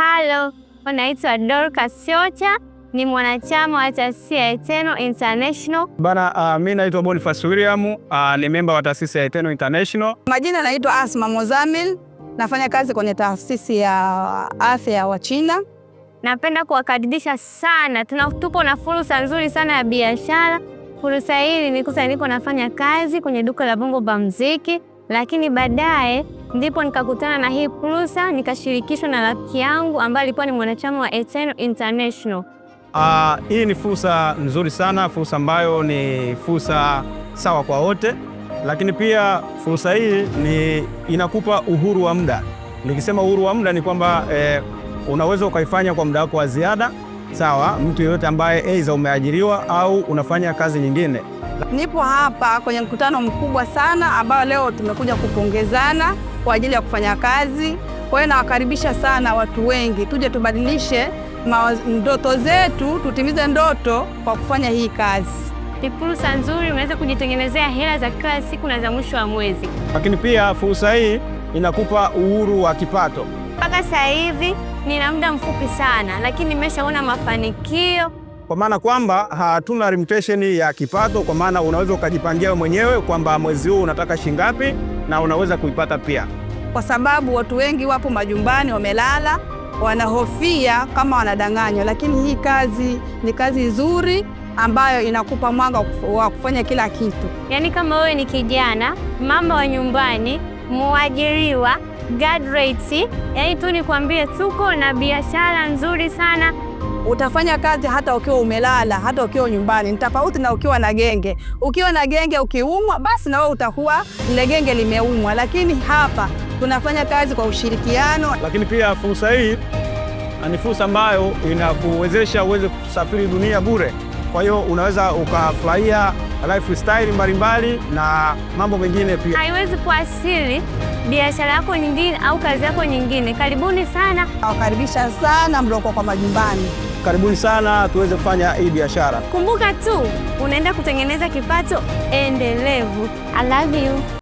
Halo, wanaitwa Dorka Siocha ni mwanachama wa taasisi ya Eternal International. Bana, uh, ah, mimi naitwa Boniface William, uh, ni memba wa taasisi ya Eternal International. Majina naitwa Asma Mozamil, nafanya kazi kwenye taasisi ya afya ya Wachina. Napenda kuwakaribisha sana, tupo na fursa nzuri sana ya biashara. Fursa hii nikusaniko nafanya kazi kwenye duka la Bongo ba mziki, lakini baadaye ndipo nikakutana na hii fursa, nikashirikishwa na rafiki yangu ambaye alikuwa ni mwanachama wa Eternal International. Uh, hii ni fursa nzuri sana, fursa ambayo ni fursa sawa kwa wote, lakini pia fursa hii ni inakupa uhuru wa muda. Nikisema uhuru wa muda ni kwamba eh, unaweza ukaifanya kwa muda wako wa ziada, sawa, mtu yeyote ambaye aidha umeajiriwa au unafanya kazi nyingine Nipo hapa kwenye mkutano mkubwa sana ambao leo tumekuja kupongezana kwa ajili ya kufanya kazi. Kwa hiyo nawakaribisha sana watu wengi, tuje tubadilishe ndoto zetu, tutimize ndoto kwa kufanya hii kazi. Ni fursa nzuri, unaweza kujitengenezea hela za kila siku na za mwisho wa mwezi, lakini pia fursa hii inakupa uhuru wa kipato. Mpaka sasa hivi nina muda mfupi sana, lakini nimeshaona mafanikio kwa maana kwamba hatuna limitation ya kipato, kwa maana unaweza ukajipangia mwenyewe kwamba mwezi huu unataka shingapi na unaweza kuipata pia, kwa sababu watu wengi wapo majumbani wamelala, wanahofia kama wanadanganywa, lakini hii kazi ni kazi nzuri ambayo inakupa mwanga wa kufanya kila kitu. Yaani kama wewe ni kijana, mama wa nyumbani, mwajiriwa, guard rates, yaani tu nikwambie, tuko na biashara nzuri sana. Utafanya kazi hata ukiwa umelala, hata ukiwa nyumbani. Ni tofauti na ukiwa na genge. Ukiwa na genge, ukiumwa, basi na wewe utakuwa lile genge limeumwa, lakini hapa tunafanya kazi kwa ushirikiano. Lakini pia fursa hii ni fursa ambayo inakuwezesha uweze kusafiri dunia bure. Kwa hiyo unaweza ukafurahia lifestyle mbalimbali na mambo mengine pia. Haiwezi kuwa biashara yako nyingine au kazi yako nyingine. Karibuni sana, nawakaribisha sana mliokuwa kwa majumbani. Karibuni sana tuweze kufanya hii biashara. Kumbuka tu unaenda kutengeneza kipato endelevu. I love you.